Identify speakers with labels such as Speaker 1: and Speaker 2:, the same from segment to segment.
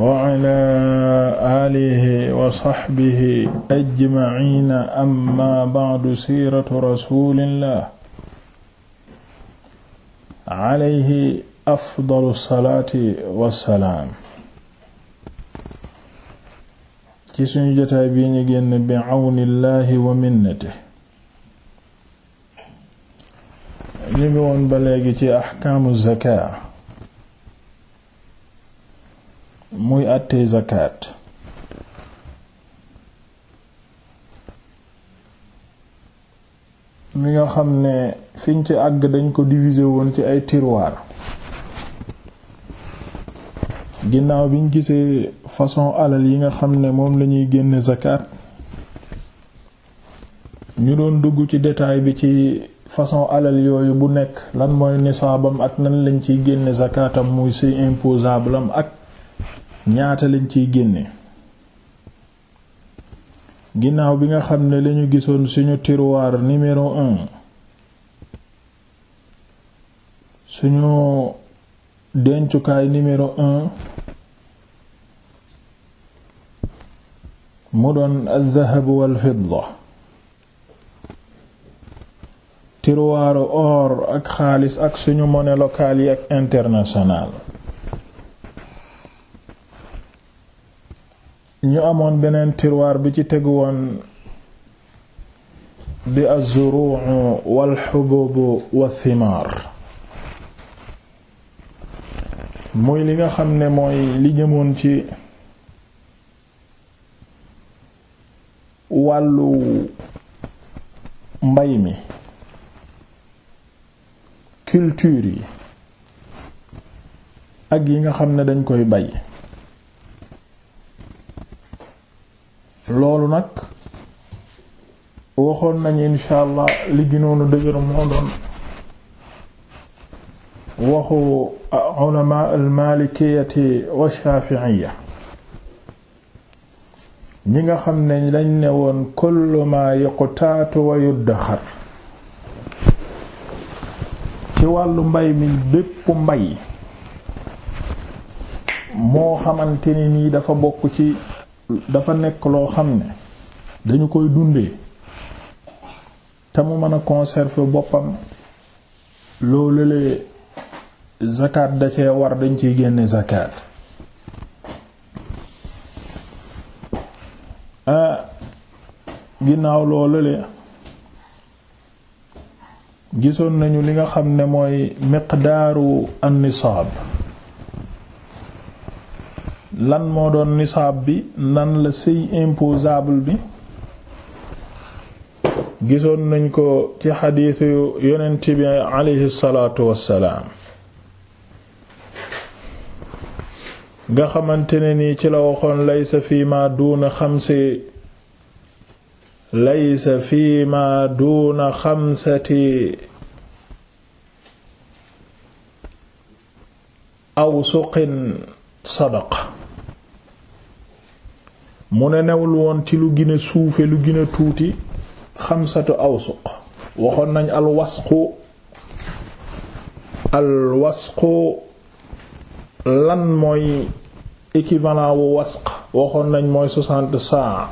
Speaker 1: wa ala alihi wa sahbihi ajmaina amma ba'du siiratu rasulillah alayhi afdalu salaati wassalaam ci suñu jotaay bi ñu génn bi awnillahi wa minnatihi ñu ngi woon ba léegi ci ahkaamu zakaa muy àttee zakat mi nga xam ne fiñ ci àgg dañ ko diviser woon ci ay tiroir ginnaaw biñ gisee façon alal yi nga xam ne moom lañuy génne zakat ñu doon dugg ci détail bi ci façon alal yooyu bu nekk lan mooy nisaabam ak nan lañ ciy génne zakatam muy say imposable am ak ñaata lañ ciy génne ginnaaw bi nga xam ne lañu gisoon suñu tiroir numéro un suñu dencukaay numéro un mu doon aldahab wal fidda tiroiru or ak xaalis ak suñu monnaie locale yi ak internationale ñu amoon beneen tiroir bi ci tegu woon di az-zuruu wal xububu muy li nga xam ne mooy li jëmoon ci wàllu mbay mi culture yi ak yi nga xam ne dañ koy bay loolu nag waxoon nañu insha allah li ginoonu dëgër moo doon waxu ulama almalikiyati wa shafi'iyya ñi nga xam ne lañ ne woon kullu ma yuqtaatu wa yuddaxar ci wàllu mbay mi bépp mbay moo xamante ni nii dafa bokk ci dafa nekk loo xam ne dañu koy dundee te mu mën a conserver boppam loo le zakat da cee war dañ ciy génne zakat a ah, ginnaaw loolu le gisoon nañu li nga xam ne mooy miqdaaru an-nisaab lan moo doon nisaab bi nan la sëy imposable bi gisoon nañ ko ci xadiisu yonent bi aleyhi salaatu wassalaam nga xamante ne nii ci la waxoon laysa fii ma duuna xamsi laysa fii ma duuna xamsati aw suqin sadaqa mu ne newul woon ci lu gën a suufe lu gën a tuuti xamsatu awsuq waxoon nañ al wasqu al wasqu lan mooy équivalent wu wasq waxoon nañ mooy soixante saa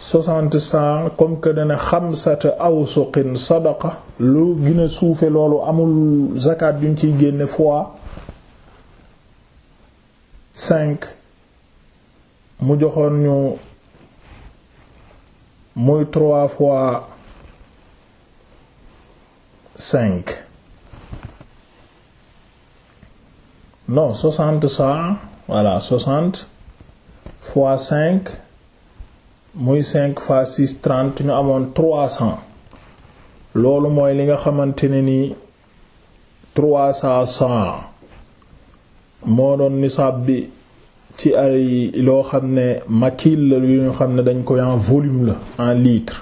Speaker 1: soixante saa comme que dana xamsatu awsuqin sadaqa lu gina suufe loolu amul zakat yuñ ciy génne fois cinq mu joxoon ñu muy trois fois cinq non soixante saa voilà soixante fois cinq muy cinq fois six trente ñu amoon trois cents loolu mooy li nga xamante ne ni trois cents moo doon nisaab bi ci ay loo xam ne makil la yu ñu xam ne dañ koy en volume la en liitre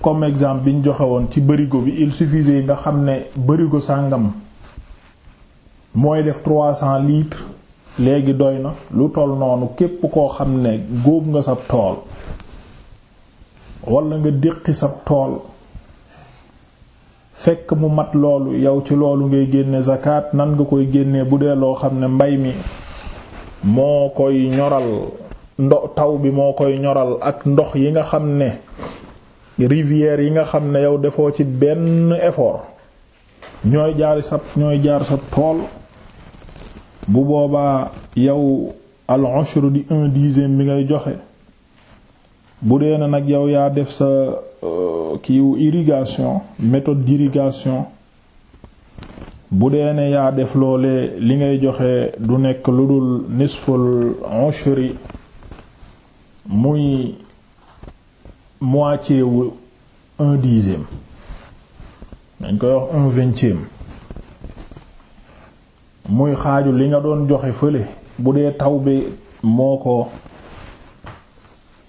Speaker 1: comme exemple bi ñu joxe woon ci bërigo bi il suffisait yi nga xam ne bërigo sàngam mooy def trois cents litres léegi doy na lu toll noonu képp koo xam ne góob nga sa tool wala nga déqi sa tool fekk mu mat loolu yow ci loolu ngay génne zakat nan nga koy génne bu dee loo xam ne mbay mi moo koy ñoral ndo taw bi moo koy ñoral ak ndox yi nga xam ne rivière yi nga xam ne yow defoo ci benn effort ñooy jaari sa jaar sa tool bu boobaa yow al ushru di un dixième bi ngay joxe bu dee na nag yow yaa def sa Euh, kiiwu irrigation méthode d'irrigation bu dee ne yaa def loole li ngay joxe du nekk lu dul nisful ushri muy moitié wu un dixième dañ koy wax un vingtième muy xaaju li nga doon joxe fële bu dee taw bi moo ko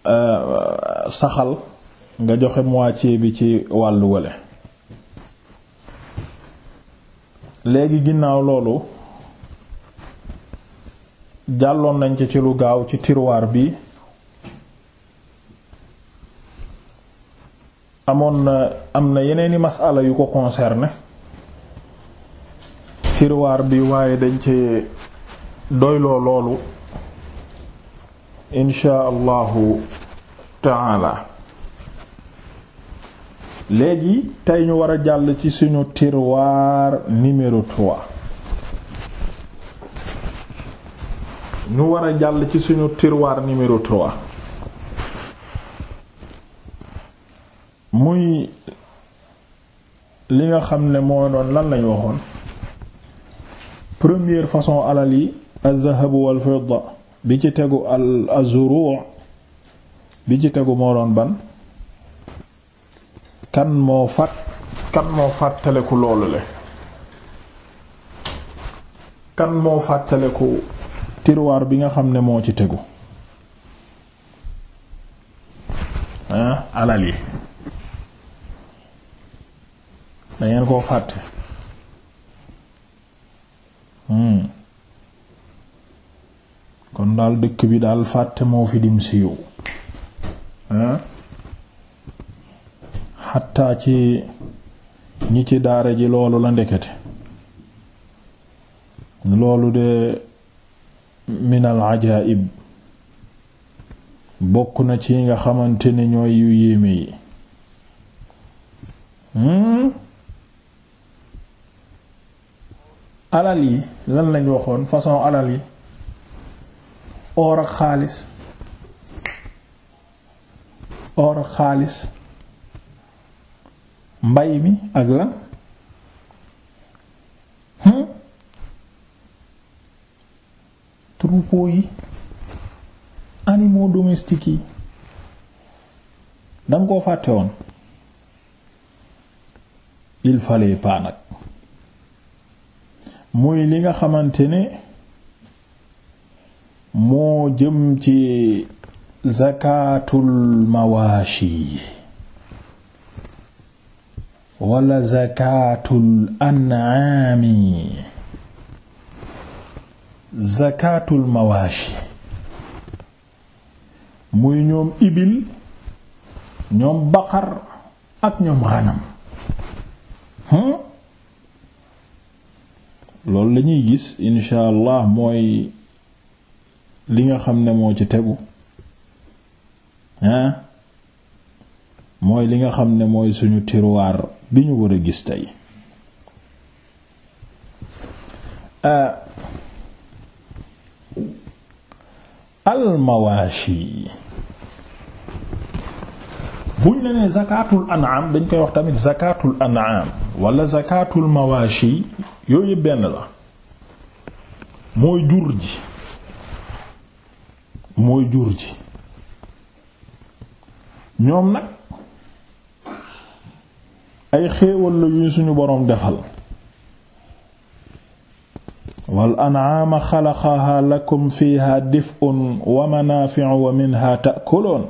Speaker 1: euh, saxal nga joxe moitié bi ci wàlluwale léegi ginnaaw loolu jàlloon nañ ci ci lu gaaw ci tiruwaar bi amoon na am na yeneeni masala yu ko concerné tiroir bi waaye dañ ci doyloo loolu insha allahu taala léegi tey ñu war a jàll ci suñu tiroir numéro 3 ñu war a jàll ci suñu tirwaar numéro 3 muy li nga xam ne moo doon lan lañu waxoon première façon alal yi az-zahab bi ci tegu al azruu bi ci tegu moo doon ban kan moo fat kan moo fàttaleku loolu le kan moo fàttaleku tiroir bi nga xam ne moo ci tegu ah alal yi dangeen koo fàtte hmm. kon daal dëkk bi daal fàtte moo fi dim si xatta ci ñi ci daara ji loolu la ndekete loolu de min al bokk na ci nga xamante ne ñooy yu yéeme yi hmm? alal yi lan lañ waxoon façon alal yi or ak xaalis or ak xaalis mbay mi ak lan hmm troupeau yi animaux domestiques yi danga koo fàtte woon il fallait pas muy li nga xamante ne moo jëm ci zakatul mawashi wala zakaatul an'aami zakaatul mawaashi muy ñoom ibil ñoom baqar ak ñoom xanam hmm loolu lañuy gis insha allah mooy li nga xam ne mooy li nga xam ne mooy suñu tiroir bi ñu war a gis tey euh, almawaashi buñ la nee zakatul an'am dañ koy wax tamit zakatul an'am wala zakatul mawaashi yooyu benn la mooy jur ji mooy jur ji ñoom nag ay xéewal la yu suñu boroom defal wal an'aama xalaqahaa lakum fiihaa dif'un wa manaafi'u wa minhaa ta'kuluun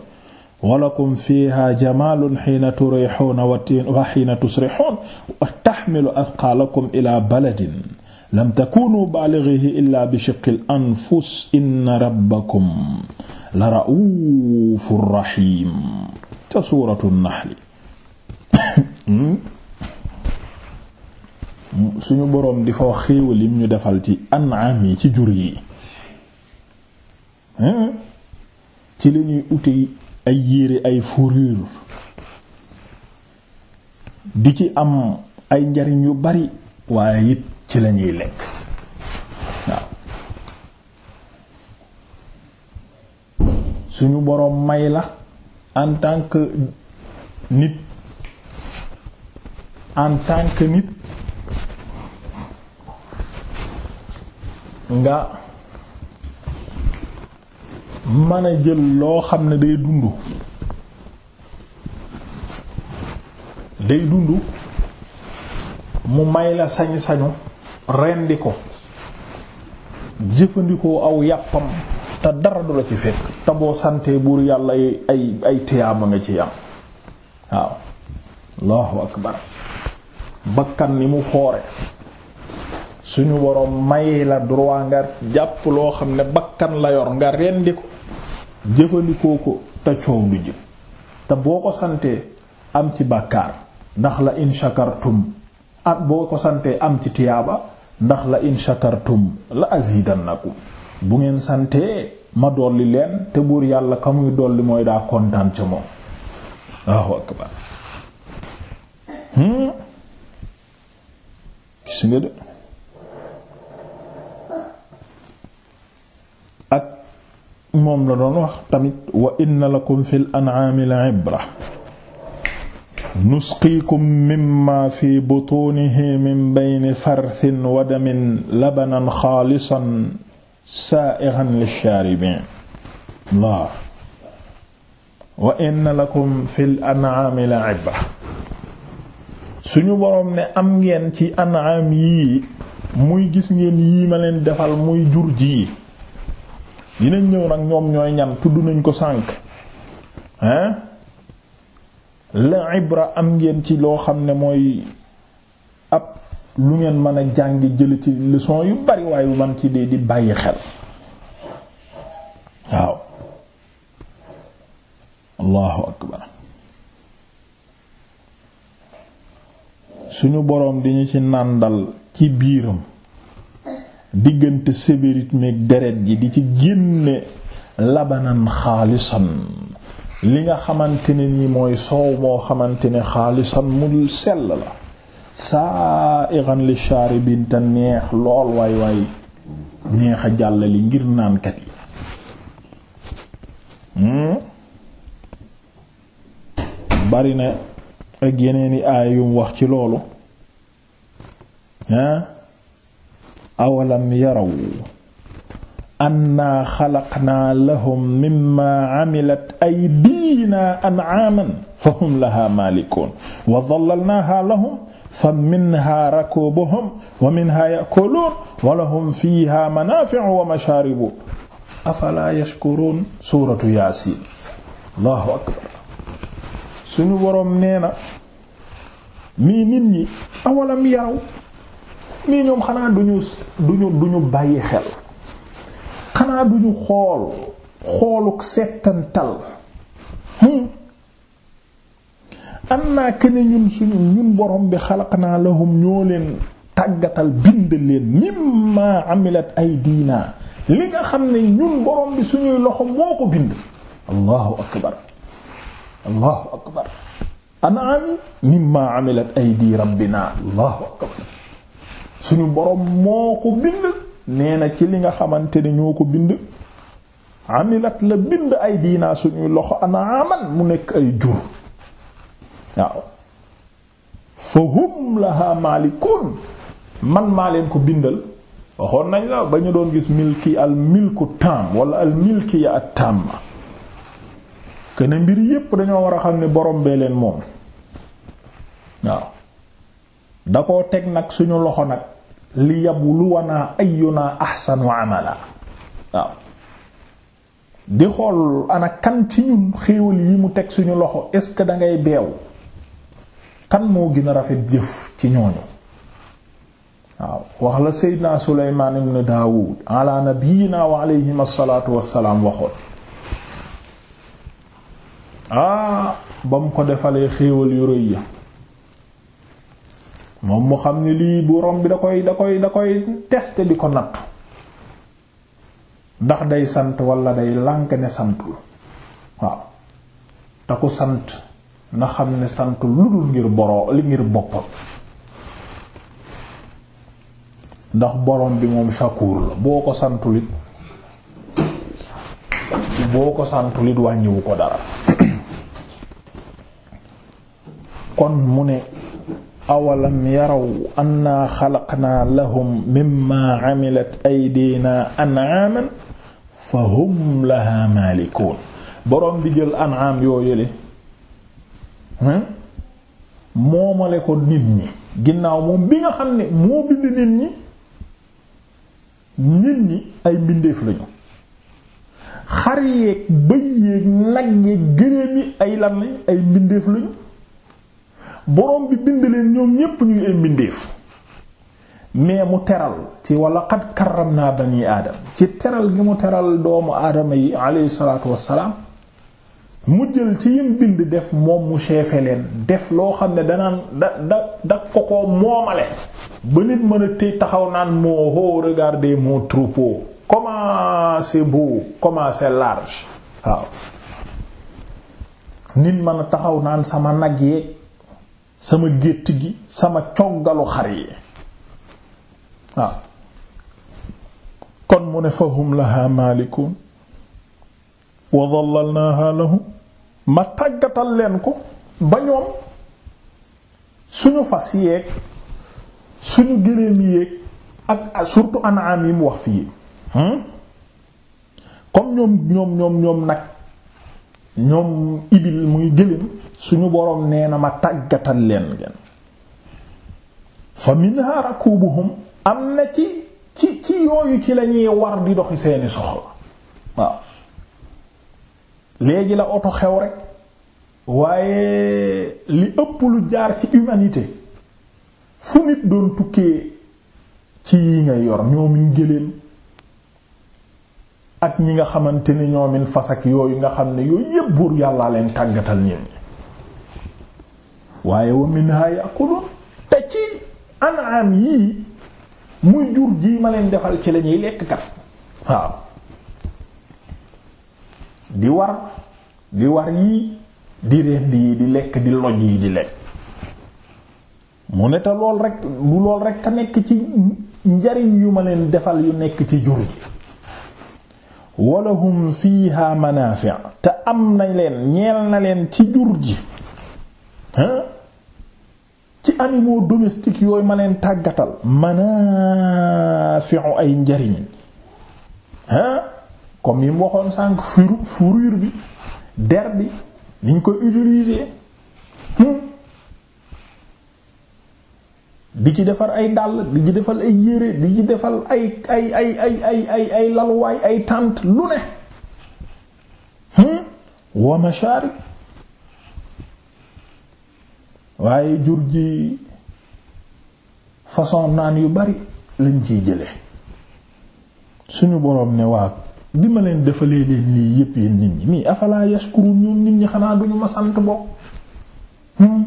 Speaker 1: wa lakum fiihaa jamaalun hiina turiihuuna wa hiina tusrihuun wa tahmilu athqaalakum ilaa baladin lam takuunuu baalighiihi illaa bi shiqqil anfus inna rabbakum la ra'uufun rahiim ca suuratu nahl Hmm? suñu boroom di fa wax xéewal ñu defal ci an'am yi ci jur yi hmm? ci lañuy ute ay yére ay fourrure di ci am ay njariñ yu bari waaye it ci lañuy lekk suñu boroom may la en tant que nit en tant nit nga mën a jël loo xam ne day dund day dund mu may la sañ-sañu rendi ko jëfandikoo aw yàppam te dara du la ci fekk te boo santee buur yàlla ay ay tiyaama nga ci am waaw allahu akbar bakkan ni mu foore suñu woroom may la droit nga jàpp loo xam ne bakkan la yor nga rendi ko jëfandikoo ko te coow lu jëm te boo ko santee am ci bàkkaar ndax la in shakartum ak ah, ko santee am ci tiyaaba ndax la in shakartum la azidannakum bu ngeen santee ma dolli leen te buur yàlla ka muy dolli mooy daa kontaan ca moom waaw akbar hmm? gis nga de ak moom la doon wax tamit wa inna lakum fil an'ami la ibra nusqiikum mimma fi butunihi min bayni farthin wa damin labanan xaalisan saa'igan lish-shaaribiin Allah wa inna lakum fil an'ami la ibra suñu boroom ne am ngeen ci an'am yii muy gis ngeen yii ma leen defal muy jur ji dinañ ñëw nag ñoom ñooy ñan tudd nañ ko sànk hein la ibra am ngeen ci loo xam ne mooy ab lu ngeen mën a jàng jël ci leçon yu bari waaye man ci dee di bàyyi xel waaw allahu akbar suñu boroom di ñu ci nàndal ci biiram diggante sébérite ak deret ji di ci génne labanan xaalisan li nga xamante ne nii mooy soow moo xamante ne xaalisan mu sell la saa iran li shaaribin neex lool waay waay neex jàll li ngir naankat yi hmm? bari na ak yeneen i aaya yum wax ci loolu ah awalam yaraw annaa xalaqnaa lahum mimma amilat aydiinaa an'aaman fahum lahaa maalikuun wa dallalnaahaa lahum faminhaa rakuubuhum wa minhaa ya'kuluun wa lahum fiihaa manaafi'u wa mashaaribu afalaa yashkuruun suuratu yaasiin allahu akbar suñu woroom nee na mii nit ñi awalam yaraw mii ñoom xanaa duñu duñu duñu bàyyi xel xanaa duñu xool xooluk settantal hmm. annaa kene ñun suñu ñun borom bi xalaq naa lahum ñoo leen tàggatal bind leen mimma amilat aydina li nga xam ne ñun borom bi suñuy loxo moo ko bind allahu akbar allahu akbar an'ami mimma amilat aydi rabbina allahu akbar suñu boroom moo ko bind nee na ci li nga xamante ne ñoo ko bind amilat la bind ay diinaa suñuy loxo anaaman mu nekk ay jur waaw fa hum laha maalikun man maa leen ko bindal waxoon nañ la ba ñu doon gis milki al milku tam wala al milkiya at tam ne mbir yépp dañoo war a xam ne borom bee leen moom waaw da koo teg nag suñu loxo nag li yabluwanaa ayyunaa ahsanu amala waaw di xool ana kan ci ñun xéewal yi mu teg suñu loxo est ce que da ngay beew kan moo gën a rafet jëf ci ñooñu waaw wax la Seydina naa ibn Daawud ala nabiyyinaa wa alayhim as-salaatu was salaam waxoon ah ba mu ko defalee xéewal yu rëy ya moom mu xam ne lii borom bi da koy da koy da koy teste di ko nattu ndax day sant walla day lànk ne santul waaw te sant na xam ne santul lu dul ngir boroo li ngir boppam ndax borom bi moom shakuur la boo ko santulit boo ko santulit wàññiwu ko dara kon mu ne awalam yaraw annaa xalaqnaa lahum mimmaa amilat aydinaa an'aaman fa hum lahaa maalikuun boroom bi jël an'aam yoo yële moomale ko nit ñi ginnaaw moom bi nga xam ne moo bind nit ñi nit ñi ay mbindeef lañu xar yeeg bëy yeeg nag yeeg gëléem yi ay lan lañ ay mbindeef lañu borom bi bind leen ñoom ñépp ñuy ay mbindeef mais mu teral ci wala qad karramna bani aadam ci teral gi mu teral doomu aadama yi alayhi salaatu wassalaam mu jël ci yim bind def moom mu cheefe leen def loo xam ne danaan da da da ko ko moomale ba nit mën a tey taxaw naan moo ho regardez mon troupeau comment beau comment large waaw nit mën a taxaw naan sama nag yi sama gétt gi sama coggalu xar yi waaw kon mu ne fahum laha malikun wa dallalnaha lahum ma tàggatal leen ko ba ñoom suñu fas yeeg suñu gëléem yeeg ak surtout an'am yi mu wax fii hmm? comme ñoom ñoom ñoom ñoom nag ñoom ibil muy gëléem suñu boroom nee na ma tàggatal leen ngeen fa minha rakubuhum am na ci ci ci yooyu ci lañuy war di doxi seeni soxla waaw léegi la oto xew rek waaye li ëpp lu jaar ci humanité fu nit doon tukkee ci yi ngay yor ñoomin gëléem ak ñi nga xamante ni ñoomin fas ak yooyu nga xam ne yooyu yépp buur yàllaa leen tàggatal ñeen ñi waaye wa minha ya'kulun te ci an'am yii muy jur jii ma leen defal ci lañuy lekk kat waaw di war di war yii di rend yi di lekk di loj yi di lekk mu ne te lool rek bu lool rek te nekk ci njariñ yu ma leen defal yu nekk ci jur ji walahum fiha manaafi' te am na leen ñeel na leen ci jur ji ci animaux domestiques yooyu ma leen tàggatal manaafi'u ay njariñ ah comme yi mu waxoon sànq furu fourrure bi der bi niñ koy utiliser hmm? di ci defar ay dàll di ci defal ay yére di ci defal ay ay ay ay ay ay ay ay tànt lu ne hmm? wa masharib waaye jur gi façon naan yu bari lañ ci jële suñu boroom ne waa bi ma leen defalee leen lii yépp yéen nit ñi mii afalaa yashkurun ñoom nit ñi xanaa duñu ma sant bokk hmm?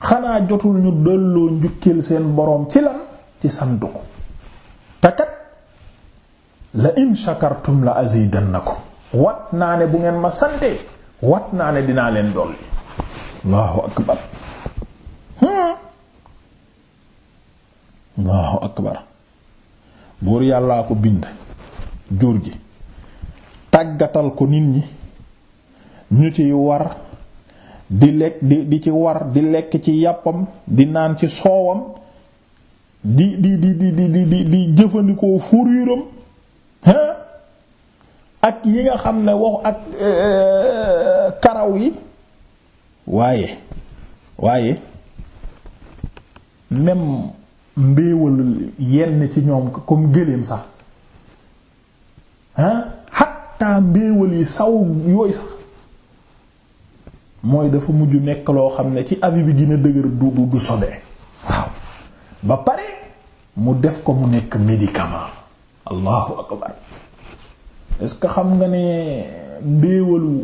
Speaker 1: xanaa jotul ñu delloo njukkeel seen boroom ci la ci sant ko te kat la in shakartum la azidannakum wat naa ne bu ngeen ma santee wat naa ne dinaa leen dolli allahu akbar hmm? allahu akbar buur yàllaa ko bind jur gi tàggatal ko nit ñi ñu ciy war di lekk di di ci war di lekk ci yàppam di naan ci soowam di di di di di di di jëfandikoo furiiram ak yi nga xam ne wax ak euh, karaw yi waaye waaye même mbéewal yenn ci ñoom comme gëléem sax ah xatta mbéewal yi saw yooyu sax mooy dafa mujj nekk loo xam ne ci abi bi dina dëgër du du sobee waaw ba pare mu def ko mu nekk médicament allahu akbar est-ce que xam nga ne mbéewalu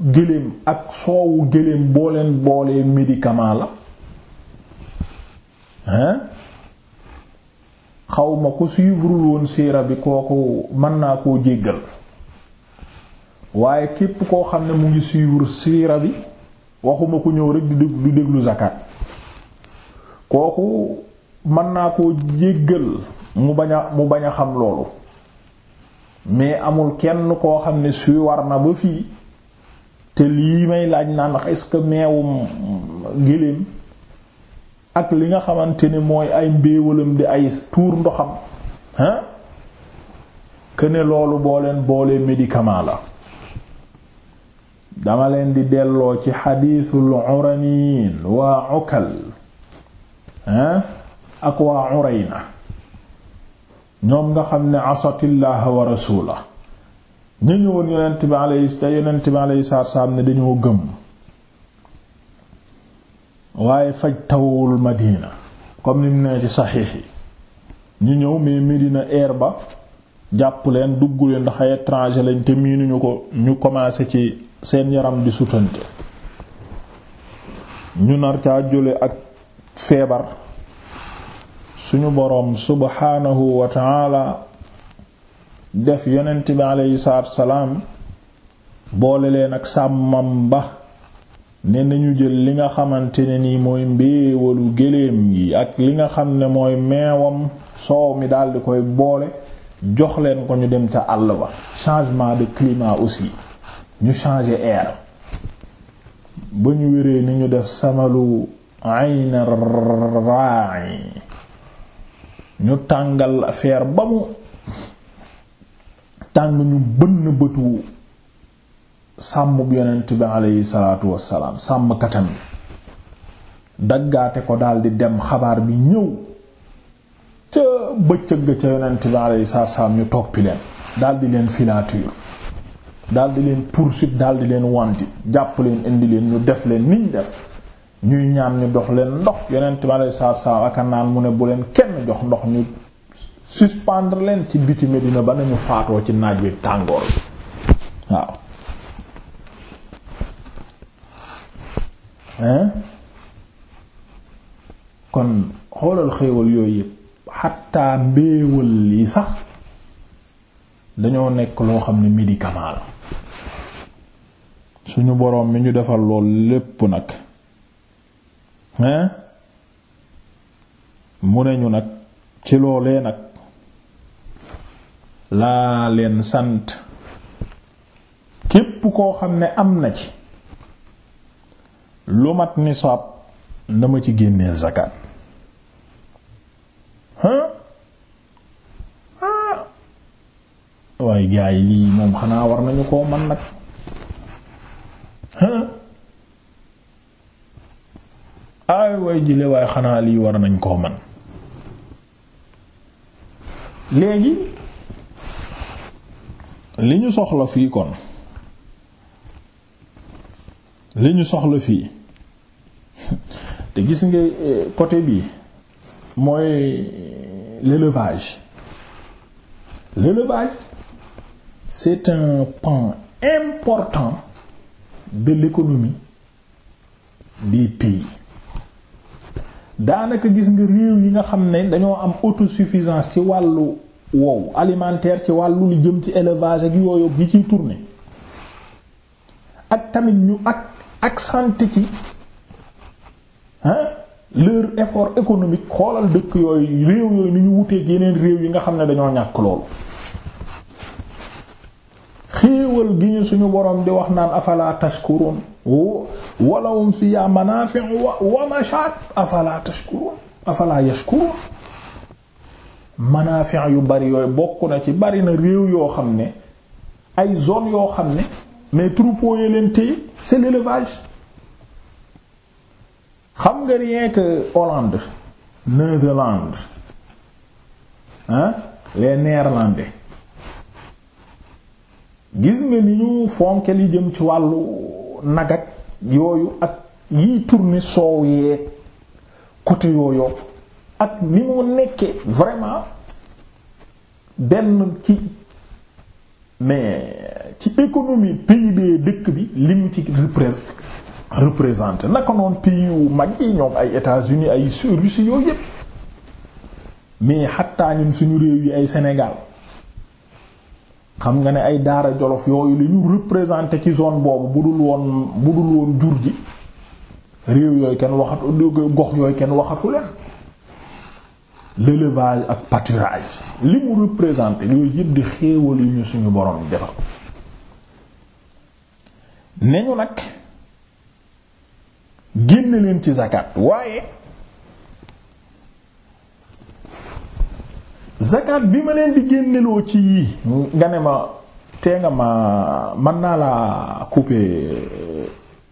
Speaker 1: gëléem ak soowu gëléem boo leen boolee médicament la hein xaw ma ku suivre kooku mën naa koo jéggal waaye képp koo xam ne mu ngi suivre siira bi waxuma ko ñëw rek di déglu di déglu zakat kooku mën naa koo jéggal mu bañ mu bañ a xam loolu mais amul kenn koo xam ne suy war na ba fii te lii may laaj naan est-ce que meewum géléem ak li nga xamante ne mooy ay mbéewalam di ay tuur ndoxam ah que loolu boo leen boolee médicament la dama leen di delloo ci xadiisul uraniin waa ukal ah ak waa urayna ñoom nga xam ne asatillaha wa rasula ñu ñëwoon yonent bi alayhi ca yonent bi alayhi ne dañoo gëm waaye faj tawul Madina comme ni mu nee ci saxiix yi ñu ñëw mais Medina air ba jàpp leen dugg leen ndax ay étranger lañ te miinuñu ko ñu commencé ci seen yaram di sutante ñu nar caa jole ak feebar suñu boroom subhaanahu wa ta'ala def yonent bi aleyhi salaatu salaam boole leen ak sàmmam ba ne nañu jël li nga xamante ne nii mooy mbéewalu géléem gi ak li nga xam ne mooy meewam soow mi daldi koy boole jox leen ko ñu dem ca àll ba changement de climat aussi ñu changer air ba ñu wéree ni def samalu ayna ra'i ñu tàngal affaire ba mu tàng ñu bënn bëtu sàmm yonent bi aleyhi salaatu wassalaam sàmm katam daggaate ko daldi dem xabaar bi ñëw ca bëccëg ca yonent bi aleyhi salaatu wassalaam ñu toppi leen daldi leen filature daldi leen poursuite daldi leen wanti jàpp leen indi leen ñu def leen ñu def ñuy ñaan ñu dox leen ndox yonent bi aleyhi salaatu wassalaam aka naan mu ne bu leen kenn jox ndox ñu suspendre leen ci biti Medina ba nañu faatoo ci naaj wi tàngoor bi waaw hein kon xoolal xéewal yooyu yëpp xattaa mbéewal lii sax dañoo nekk loo xam ne médicament la suñu boroom mi ñu defal lool lépp nag hein mu ne ñu nag ci loolee nag laa leen sant képp koo xam ne am na ci lu mat nisaab na ma ci génneel zakat ha ha waaye gaa yi moom xanaa war nañu koo man nag ha ay way jile waaye xanaa lii war nañ koo man léegi li ñu soxla fii kon li ñu soxla fii te gis nga eh, côté bi mooy eh, l'élevage l'élevage c'est un pan important de l'économie bi pays daanaka gis nga réew yi nga xam ne dañoo am autosuffisance ci wàllu wow alimentaire ci wàllu jëm ci élevage gi yooyu yi ciy tourner ak tamit ñu ak accenté ci hein leur effort économique xoolal dëkk yooyu réew yooyu ni ñu wuteeg yeneen réew yi nga xam ne dañoo ñàkk loolu xéewal gi ñu suñu boroom di wax naan afala tashkurun walahum fiya manafi'u wa mashat afala tashkurun afala yashkurun manafin yu bari yooyu bokk na ci bari na réew yoo xam ne ay zone yoo xam ne mais troupeau yi leen téye c'est l'élevage xam nga rien que Hollande Netherland hein les néerlandais gis nga ni ñu fonke li jëm ci wàllu nagak yooyu ak yiy tourner soow yeeg côté yooyu ak ni mu nekkee vraiment benn ci mais ci économie pays bi dëkk bi li mu ci représente représenté naka noonu pays yu mag yi ñoom ay États-Unis ay Russie yooyu yépp mais xattaa ñun suñu réew yi ay Sénégal xam nga ne ay daara jolof yooyu li ñu représenté ci zone boobu bu dul woon bu dul woon jur ji réew yooyu kenn waxatu gox yooyu kenn waxatu leen l'élevage ak pâturage li mu représenté yooyu yëpp di xéewal yu ñu suñu borom defal ne ñu nag génne leen ci zakat waaye zakat bi ma leen di génneloo ci yii nga ne ma tee nga ma mën naa laa couper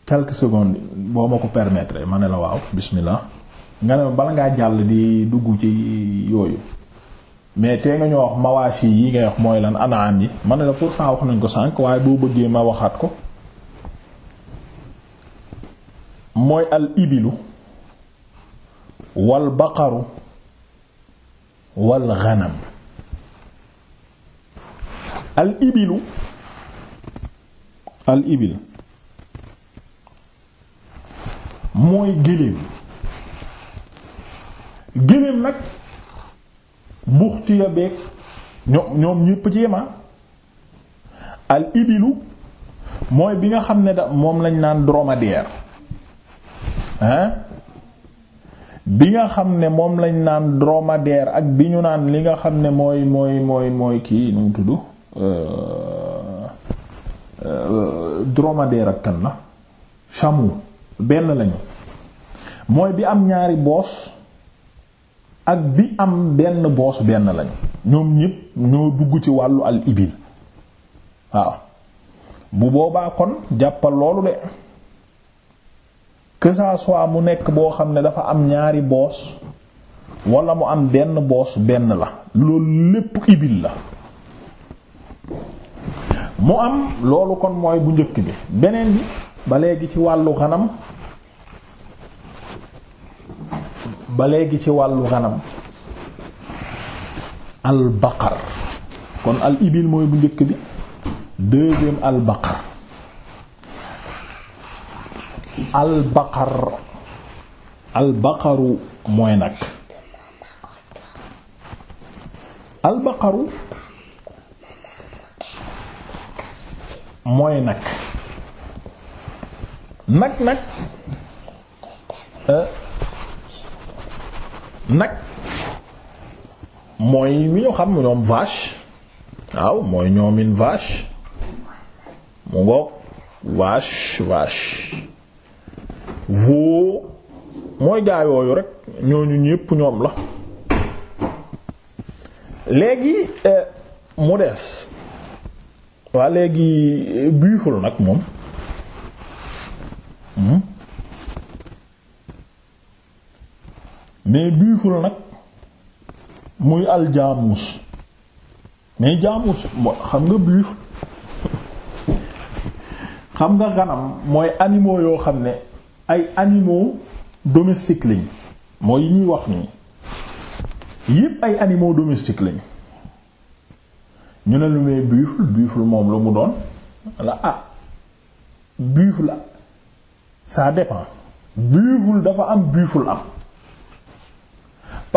Speaker 1: quelques secondes boo ma ko permettre ma ne la waaw bismillah nga ne bala ngaa jàll di dugg ci yooyu mais tee nga ñoo wax mawashi yi ngay wax mooy lan anaam yi man la pourtant wax nañ ko sànq waaye boo bëggee ma waxaat ko mooy al ibilu wal baqaru wal ghanam al ibilu al ibil mooy géléem géléem nag buxti ya beeg ñoom ñoom ñépp ci yema ah. al ibilu mooy bi nga xam ne da moom lañ naan dromadaire hein bi nga xam ne moom lañ naan dromadaire ak bi ñu naan li nga xam ne mooy mooy mooy mooy kii nu mu tudd euh, euh, dromadaire ak kan la chameau benn lañu mooy bi am ñaari boos ak bi am benn boos benn lañu ñoom ñépp ñoo dugg ci wàllu al ibil waaw bu boobaa kon jàppal loolu de que ça mu nekk boo xam ne dafa am ñaari boos wala mu am benn boos benn la loolu lépp ibil la mu am loolu kon mooy bu njëkk bi beneen bi ba léegi ci wàllu xanam ba léegi ci wàllu xanam albaqar kon al ibil mooy bu njëkk bi deuxième albaqar albaqar albaqaru mooy nag albaqaru mooy nag nag nag euh, nag mooy wi ñu xam ñoom vache waaw mooy ñoomin vache mu ngoog vache vache veau mooy gaa yooyu rek ñooñu ñépp ñoom la léegi euh, mu des waa léegi buffle nag moom hmm? mais buuful nag muy aljaamuus mais jaamuus xam nga buuful xam nga ganam mooy animaux yoo xam ne ay animaux domestiques lañ mooy yi ñuy wax nii yépp ay animaux domestiques lañ ñu ne lu may buffle buffle moom la mu doon la ah buffle ça dépend buffle dafa am buffle am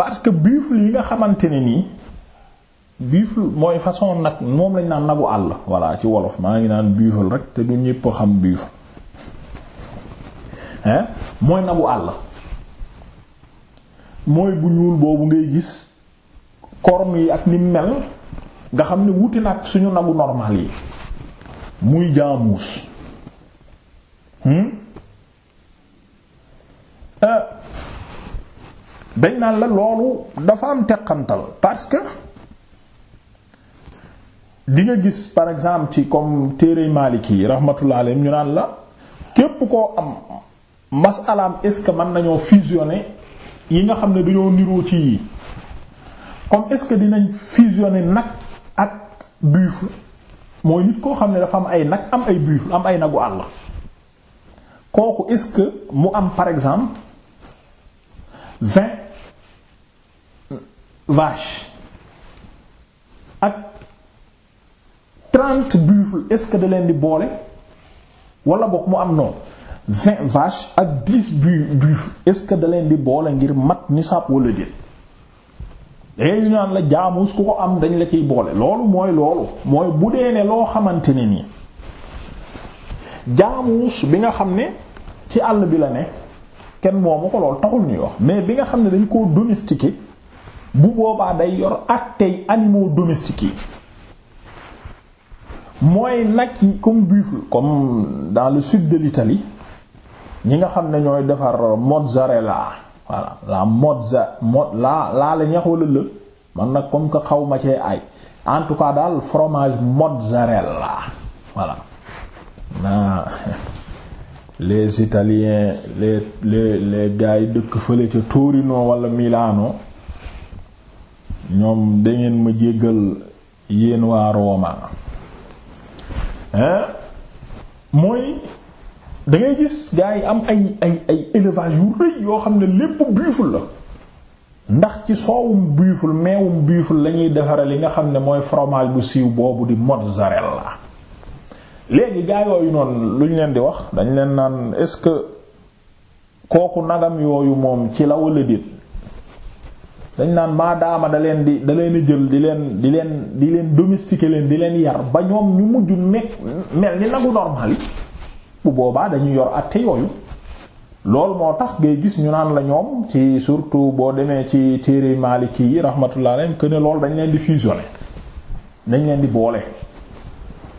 Speaker 1: parce que buffle yi nga xamante ne nii buffle mooy façon nag moom lañ naan nagu àll voilà ci wolof maa ngi naan buffle rek te du ñépp xam buffle hein mooy nagu àll mooy bu ñuul boobu ngay gis corne yi ak nim mel nga xam ne wuute nag suñu nagu normal yi muy jaamuus. Hmm? Euh, dañ naan la loolu dafa am teqantal parce que di nga gis par exemple ci comme téere Maliki yi rahmatullah alayhim ñu naan la képp koo am masalaam est-ce que mën nañoo fusionner yi nga xam ne dañoo niroo ci yii comme est-ce que dinañ fusionner nag ak buffle mooy nit koo xam ne dafa am ay nag am ay buffle am ay nagu àll kooku est-ce que mu am par exemple vingt vaches ak trente buffles est-ce que da leen di boole wala boog mu am noonu vingt vaches ak dix buffles est-ce que da leen di boole ngir mat ni wala déet léegi naan la jaamus ku ko am dañ la ciy boole loolu mooy loolu mooy bu dee ne loo xamante ne nii jaamus bi nga xam ne ci àll bi la ne. kenn moomu ko lool taxul ñuy wax mais bi nga xam ne dañ koo domestiqué bu boobaa day yor ak tey animaux domestiqués yi mooy nag yi comme buffle comme dans le sud de l'Italie ñi nga xam ne ñooy defar mozzarella voilà la mozza mo laa laa la ñeex wala lël man nag comme que xaw ma ci ay en tout cas daal fromage mozzarella voilà ah. les italiens les les les gars yi dëkk fële ca Torino wala milaano ñoom dangeen ma jéggal yéen waa Roma hein mooy dangay gis gars yi am ay ay ay élevage yu rëy yoo xam ne lépp buffle la ndax ci soowum buffle meewum buffle la ñuy defaree li nga xam ne mooy fromage bu siiw boobu di mozzarella léegi gaa yooyu noonu lu ñu leen di wax dañ leen naan est-ce que kooku nagam yooyu moom ci la walla déet dañ naan maadaama da leen di da leen jël di leen di leen di leen domestiquer leen di leen yar ba ñoom ñu mujj nekk mel ni nagu normal yi bu boobaa dañu yor àtte yooyu loolu moo tax ngay gis ñu naan la ñoom ci surtout boo demee ci téere Maliki yi rahmatullah alayhi que ne loolu dañ leen di fusionner dañ leen di boole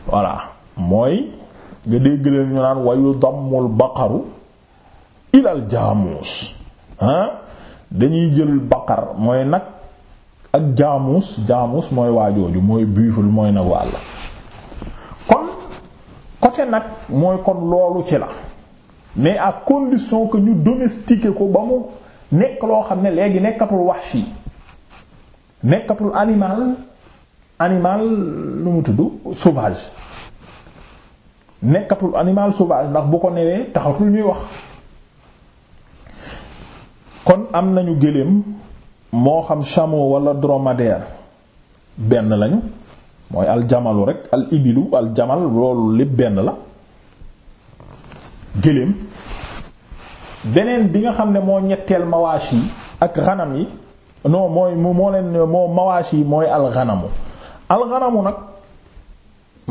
Speaker 1: voilà mooy nga dégg leen ñu naan wayu dammul baqaru ilal jaamuus ah dañuy jël baqar mooy nag ak jaamuus jaamuus mooy waajooju mooy buiful mooy nagu wàll kon côté nag mooy kon loolu ci la mais ak condition que ñu domestiquer ko ba mu nekk loo xam ne léegi nekkatul wahshi nekkatul animal animal lu mu tudd sauvage nekkatul animal sauvage ndax bu ko newee taxatul ñuy wax kon am nañu gëléem moo xam chameau walla dromadaire benn lañu mooy aljamalu rek al ibilu aljamal loolu lépp benn la gëléem beneen bi nga xam ne moo ñetteel mawaas yi ak xanam yi non mooy moo leen moo mawaas yi mooy alxanamu alxanamu nag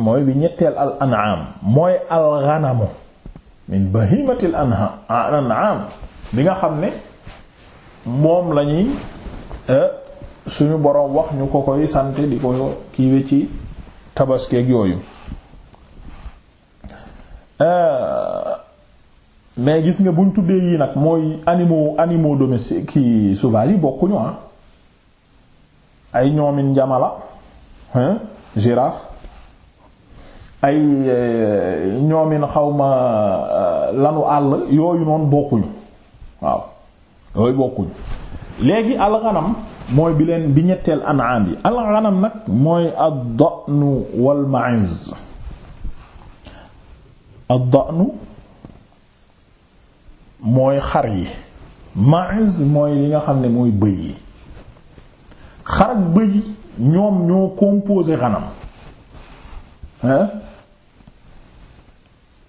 Speaker 1: mooy bi ñetteel al an'am mooy al ghanamu bahimatil an'am bi nga xam ne moom lañuy euh, suñu boroom wax ñu ko koy sant di ko kiiwe ci tabaskeeg yooyu euh, mais gis nga buñ tuddee yii nag mooy animaux animaux domestiques ki sauvages yi bokkuñu ah. ay ñoomin njamala hein ay eh, ñoomin xawma eh, lanu àll yooyu noonu bokkuñu waaw yooyu bokkuñu léegi alxanam mooy bi leen bi ñetteel an'am yi alxanam nag mooy ad-da'nu wal ma'iz ad mooy xar yi ma'iz mooy li nga xam ne mooy bëy yi xar ak bëy ñoom ñoo composé xanam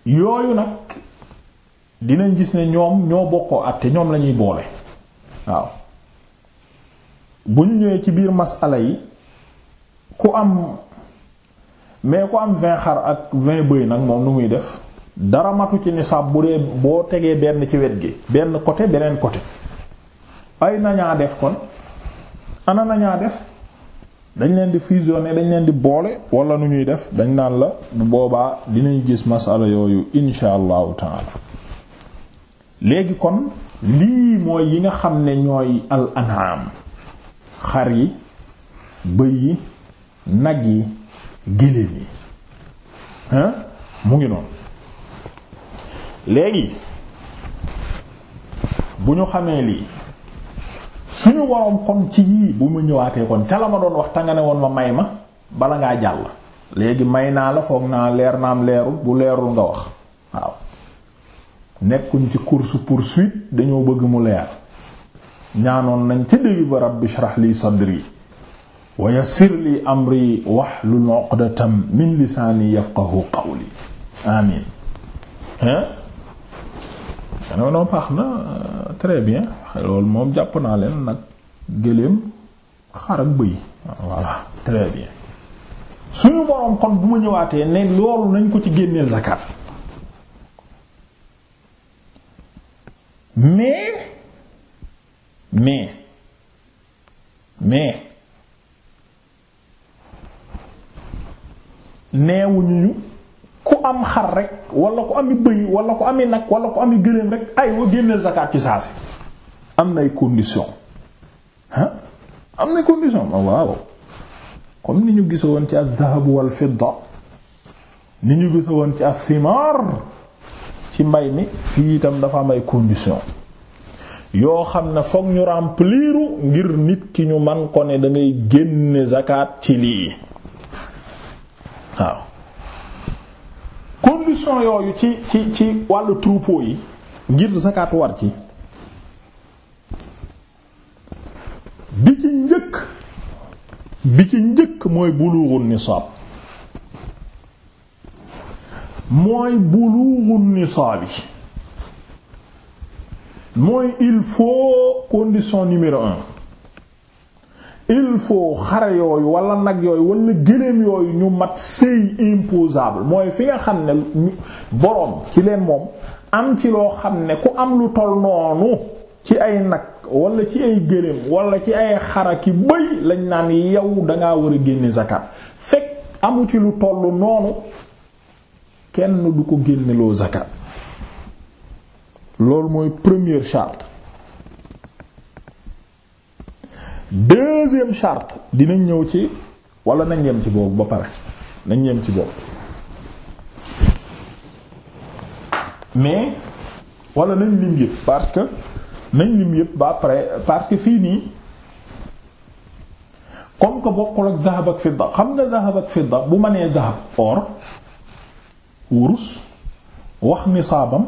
Speaker 1: yooyu nag dinañ gis ne ñoom ñoo bokkoo àtte ñoom lañuy boole waaw bu ñu ñëwee ci biir masala yi ku am mais ku am vingt xar ak vingt bëy nag moom lu muy def dara matu ci nisaab bu dee boo tegee benn ci wet gi benn côté beneen côté ay nañaa def kon ana nañaa def dañ leen di fusionner dañ leen di boole wala nu ñuy def dañ naan la bu boobaa dinañ gis masala yooyu insha allahu taala léegi kon lii mooy yi nga xam ne ñooy al xar yi bëy yi nag yi géléem yi hein mu ngi noonu léegi bu ñu xamee lii suñu waroon kon ci yii bu ma ñëwaatee kon ca la ma doon wax ta ne woon ma may ma bala ngaa jàll léegi may naa la foog naa leer naam leeru bu leerul nga wax waaw nekkuñ ci course poursuite dañoo bëgg mu leer ñaanoon nañ ca début ba rabbi shrah li sadri wa yassir li amri wahlul uqdatam min lisaani yafqahu qawli amin hein non non baax na très bien loolu moom jàpp naa leen nag gëléem xar ak bëy voilà très bien suñu boroom kon bu ma ñëwaatee ne loolu nañ ko ci génneel zakat mais mais mais neewuñu ñu ku am xar rek wala ku am bëy wala ku ami nag wala ku ami gëléem rek ay wa génneel zakat ci saasi am nay condition am na condition a ah, waaw comme ni ñu gis woon ci az-zahab wal fidda ni ñu woon ci ak simar ci mbay mi fii itam dafa am ay condition yoo xam ne foog ñu remplir ngir nit ki ñu man ko ne da génne zakat ci lii waaw condition yooyu ci ci ci wàllu troupeau yi ngir zakat war ci bi ci njëkk bi ci njëkk mooy bulughun nisaab mooy bulughun nisaab yi mooy il faut condition numéro il faut xare yooyu wala nag yooyu wala gëléem yooyu ñu mat sëy imposable mooy fi nga xam ne boroom ci leen moom am ci loo xam ne ku am lu tol noonu ci ay nag wala ci ay gëléem wala ci ay xara ki bëy lañ naan yow danga war a génne zakat fekk amu ci lu toll noonu kenn du ko génneloo zakat loolu mooy première charte deuxième charte dinañ ñëw ci wala nañ yem ci boobu ba pare nañ yem ci boobu mais wala nañ lim yëpp parce que nañ lim yëpp ba pare parce que fii nii comme que bokkul ak zahab ak fidda xam nga zahab ak fidda bu ma nee zahab or wurus wax nisaabam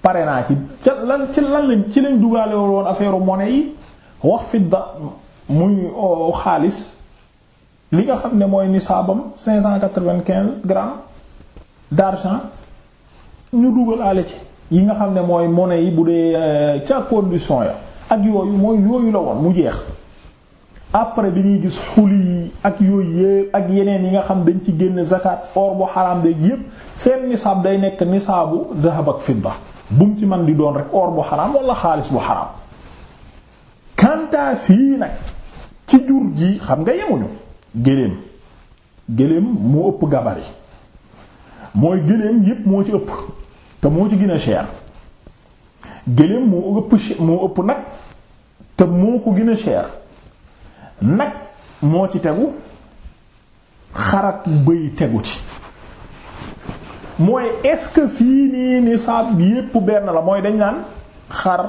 Speaker 1: pare naa ci ca lan ci lan lañ ci lañ dugaale woon affaire monnaie yi wax fidda muy euh, xaalis li nga xam ne mooy nisaabam cinq cent quatre-vingt-quinze grammes d'argent ñu dugal ale ci yi nga xam ne mooy monnaie yi bu dee euh, ca condition ya ak yooyu mooy yooyu la woon mu jeex après bi ñuy gis xuli ak yooyu yépp ak yeneen yi nga xam dañ ci génn zakat or bu xaram dég yépp seen nisaab day nekk nisaabu dahab ak fidda bu mu ci man di doon rek or bu xaraam wala xaalis bu xaraam kanta fii nag ci jur ji xam nga yemuñu géléem géléem moo ëpp gabari mooy géléem yépp moo ci ëpp te moo ci gën a cher géléem moo ëpp moo ëpp nag te moo ko gën a cher nag moo ci tegu xarak bëy tegu ci mooy est-ce que fii nii nisaab yépp benn la mooy dañ naan xar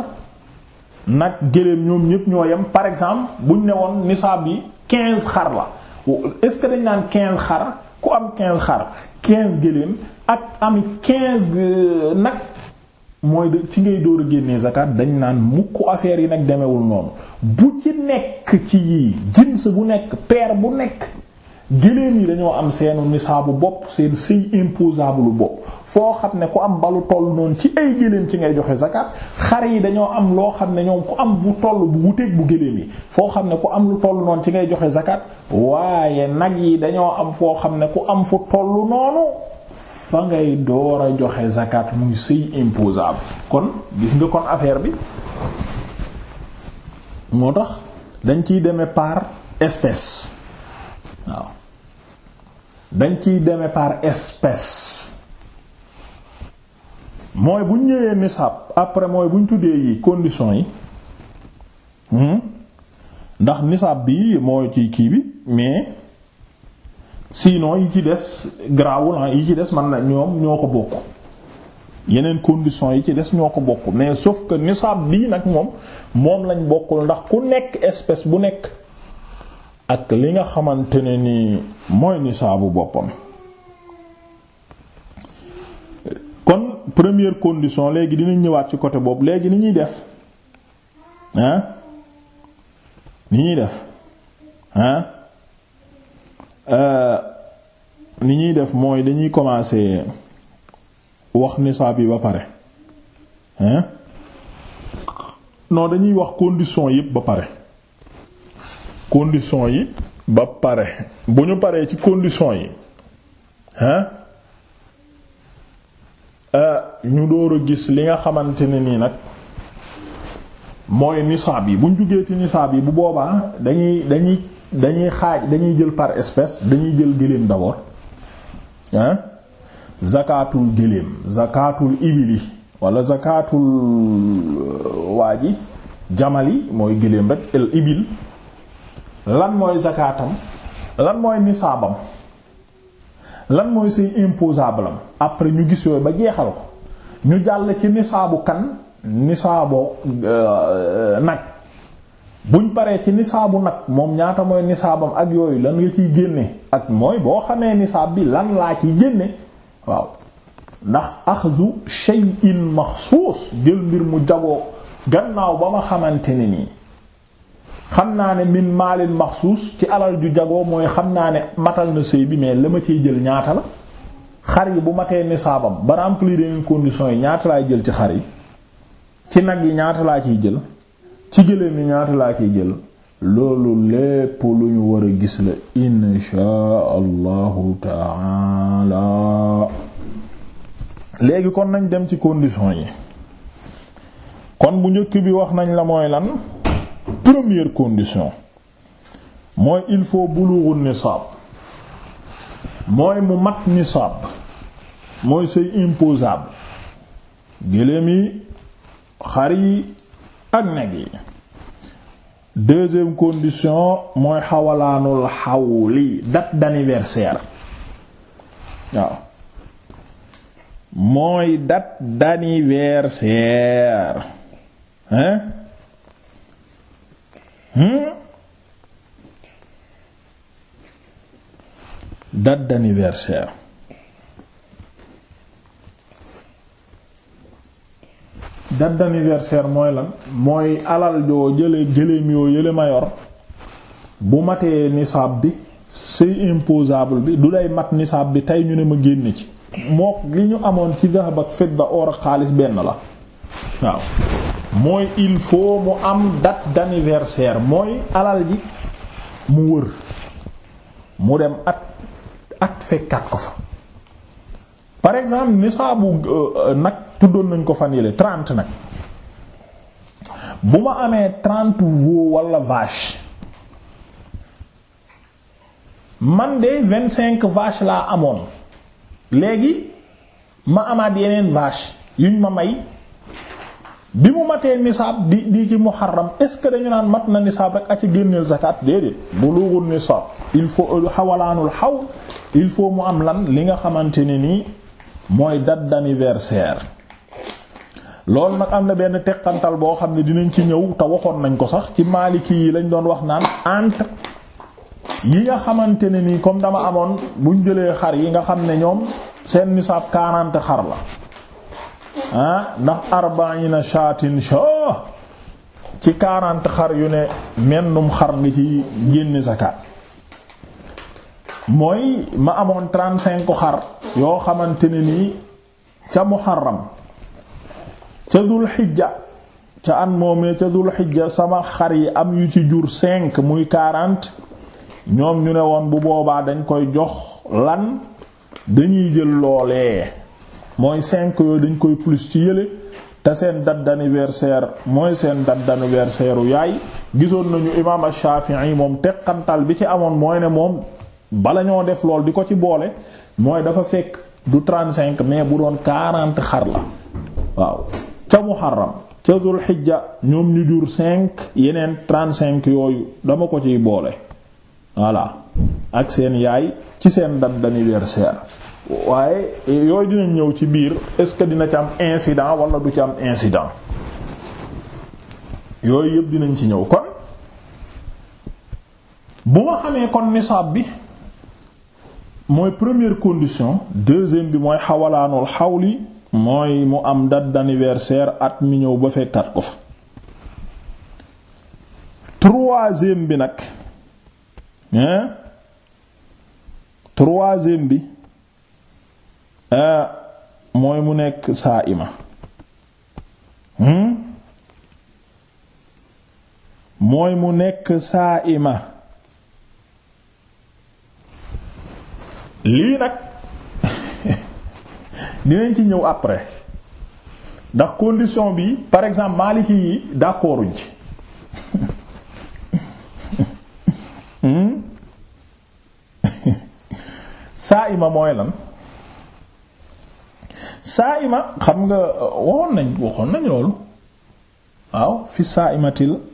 Speaker 1: nag géléem ñoom ñëpp ñoo yem par exemple bu ñu ne woon nisaab bi 15 xar la est-ce que dañ naan quinze xar ku am 15 xar quinze géléem ak am 15 euh, nag mooy ci ngay door a génnee zakat dañ naan mukk affaire yi nag demewul noonu bu ci nekk ci yii jins bu nekk paire bu nekk géléem yi dañoo am seenu nisaabu bopp seen sëy imposable bopp foo xam ne ku am balu toll noonu ci ay géléem ci ngay joxe zakat xar yi dañoo am loo xam ne ñoom ku am bu toll bu wuteeg bu foo xam ne ku am lu toll noonu ci ngay joxe zakat waaye nag yi dañoo am foo xam ne ku am fu toll noonu fa ngay door a joxe zakat muy sëy imposable kon gis nga kon affaire bi moo tax dañ ciy deme par espèce waaw dañ ciy deme par espèce mooy buñ ñëwee nisab après mooy buñ tuddee yi conditions yi hmm? ndax nisab bi mooy ci kii bi mais sinon yi ci des grawul ah, yi ci des man na ñoom ñoo ko bokk yeneen conditions yi ci des ñoo ko bokk mais sauf que nisab bii nag moom moom lañ bokkul ndax ku nekk espèce bu nekk ak li nga xamante ne nii mooy nisaabu boppam kon première condition léegi dinañ ñëwaat ci côté boobu léegi ni ñuy def hein ni ñuy def euh, ni ñuy def mooy dañuy commencé wax nisaab bi ba pare hein non dañuy wax condition yépp ba pare condition yi ba pare bu ñu paree ci conditions yi hein euh, ñu door a gis li nga xamante ne nii nag mooy nisaab yi bu ñu jugee ci nisaab yi bu boobaa dañuy dañuy dañuy xaaj dañuy jël par espèce dañuy jël gëléem d'abord hein zakaatul gëléem zakaatul ibili wala zakaatul euh, waa ji jamali mooy gëléem rek ibil lan mooy zakaatam lan mooy nisaabam lan mooy say imposable après ñu gis yooyu ba jeexal ko ñu jàll ci nisaabu kan nisaabo euh, nag buñ paree ci nisaabu nag moom ñaata mooy nisaabam ak yooyu lan nga ciy génne ak mooy boo xamee nisaab bi lan laa ciy génne waaw ndax axdu shay'in maxsuus jël mbir mu jagoo gannaaw ba ma xamante ne nii xam naa ne min maalin maxsuus ci alal ju jagoo mooy xam naa ne matal na sëy bi mais la ma ciy jël ñaata la xar yi bu matee nisaabam ba remplir une condition yi ñaata laay jël ci xar yi ci nag yi ñaata laa ciy jël ci gëléem ñaata laa ciy jël loolu lépp lu ñu war a gis la inshaa allahu taala léegi kon nañ dem ci condition yi kon bu njëkk bi wax nañ la mooy lan première condition mooy il faut bulughun nisaab mooy mu mat nisaab mooy c'est imposable gëléem yi xar yi ak nag yi deuxième condition mooy xawalaanul xawli date d'anniversaire waaw mooy date d'anniversaire hein Hmm? date d'anniversaire date mooy lan mooy alal joo jële gëléem yoo yële ma bu matee nisaab bi c'est imposable bi du day mat nisaab bi tey ñu ne ma génn ci mook li ñu amoon ci dahab ak fidda or ak xaalis benn la waaw mooy il faut mu am date d'anniversaire mooy alal ji mu wër mu dem at at fekkaat ko fa par exemple nisaabu euh, nag tuddoon nañ ko fan yële trente nag bu ma amee trente veau walla vache man de vingt cinq vache laa amoon léegi ma amaat yeneen vache yuñ ma may bi mu matee nisaab di di ci muharram est-ce que dañu naan mat na nisaab rek a ci génneel zakat déedéet bulughul nisaab il faut euh, xawalaanul xaw il faut mu am lan li nga xamante ne nii mooy date d'anniversaire loolu nag am na benn teqantal boo xam ne dinañ ci ñëw te waxoon nañ ko sax ci maaliki yi lañ doon wax naan entre yi nga xamante ne nii comme dama amoon buñ jëlee xar yi nga xam ne ñoom seen nisaab 40 xar la ah ndax arbaina shaatin sha ci quarante xar yu ne mennum xar nga ci génne zakat mooy ma amoon trente-cinq xar yoo xamante ne nii ca muharram ca dul xijja ca an moomee ca dul xijja sama xar yi am yu ci jur cinq muy quarante ñoom ñu ne woon bu boobaa dañ koy jox lan dañuy jël loolee mooy cinq yooyu dañ koy plus ci yële te seen date d'anniversaire mooy seen date d'anniversaire u yaay gisoon nañu imaam Shafi'i moom teqantal bi ci amoon mooy ne moom bala ñoo def lool di ko ci boole mooy dafa fekk du 35 mais bu doon 40 xar la waaw ca muharram ca dul xijja ñoom ñu jur 5 yeneen 35 yooyu dama ko ciy boole voilà ak seen yaay ci seen date d'anniversaire waaye yooyu dinañ ñëw ci biir est-ce que dina ci am incident wala du ci am incident yooyu yëpp dinañ ci ñëw kon bu nga xamee kon nisaab bi mooy première condition deuxième bi mooy xawalaanul xawli mooy mu am date d'anniversaire at mi ñëw ba fekkat ko fa troisième bi nag hein troisième bi Eh, mooy mu nekk saa ima hmm? mooy mu nekk saa ima lii nag dinañ ci ñëw après ndax condition bi par exemple maliki yi d'accorduñ ci hmm? saa ima mooy lan saa xam nga waxoon nañ waxoon nañ loolu waaw fi saa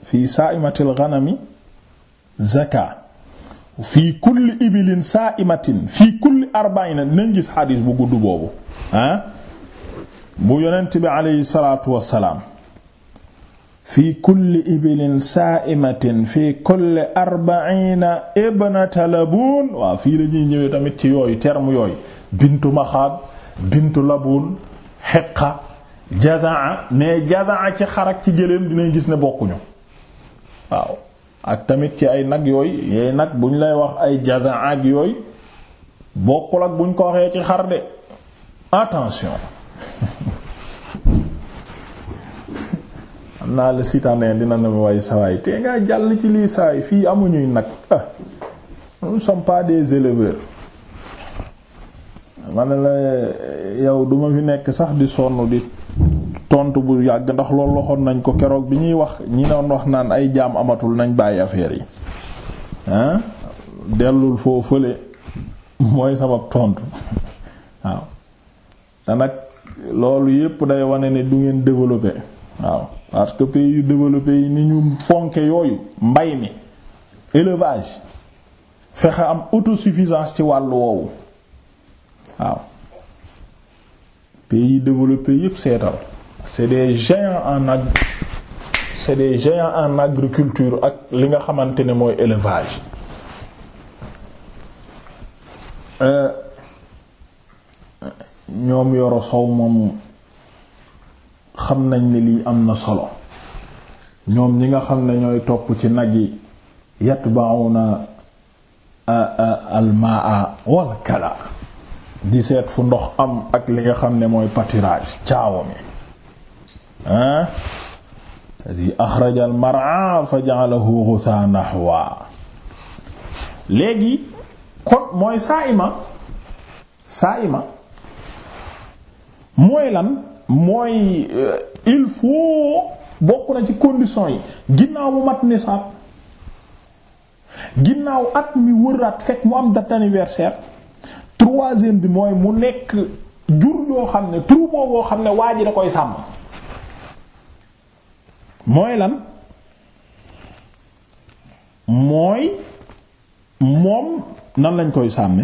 Speaker 1: fi saa imatil ghanami zaka fii kulli ibilin saa imatin fii kulli arba'ina dinañ gis xadiis bu gudd boobu ah bu yonent bi aleyhi salaatu fii kulli ibilin saa'imatin fii kulli waaw fii la ñëwee tamit ci yooyu terme yooyu bintu maxaab bintu labun xeqa jazaa mais jazaa ci xar ak ci gëléem dinañ gis ne bokkuñu waaw ak tamit ci ay nag yooyu yooyu nag bu ñu lay wax ay jazaa ak yooyu bokkul ak bu ñu ko waxee ci xar de attention am naa la sitanee dina ne waaye sawaay te ngaa jàll ci lii sawaay fii amuñuy nag ah nous pas des éleveurs ma la yow duma fi nekk sax di sonn di tontu bu yàgg ndax loolu waxoon nañ ko keroog bi ñuy wax ñi doon wax naan ay jaam amatul nañ bàyyi affaire yi ah dellul foo fële mooy sabab tontu waaw te nag loolu yépp day wane ne du ngeen développé waaw parce que pays yu yi ni ñu fonke yooyu mbay mi élevage fexe am autosuffisance ci wàllu woowu waaw pays développés yépp seetal c'est des géants en ag c'est des géants en agriculture ak li nga xamante ne mooy élevage euh, ñoom yoro sow moom xam nañ ni lii am na solo ñoom ñi nga xam ne ñooy topp ci nag yi yatba'una al ma'a wal kala di seet fu ndox am ak li nga xam ne mooy pâturage caawa mi ah di axraja al mar'a fa ja'alahu ghutha nahwa léegi kon mooy saa'ima saa'ima mooy lan mooy euh, il faut bokk na ci conditions yi ginnaaw mu mat nisaab ginnaaw at mi wëraat fekk mu am date anniversaire troisième bi mooy mu nekk jur loo xam ne troupeau boo xam ne waa ji da koy sàmm mooy lan mooy moom nan lañ koy sàmme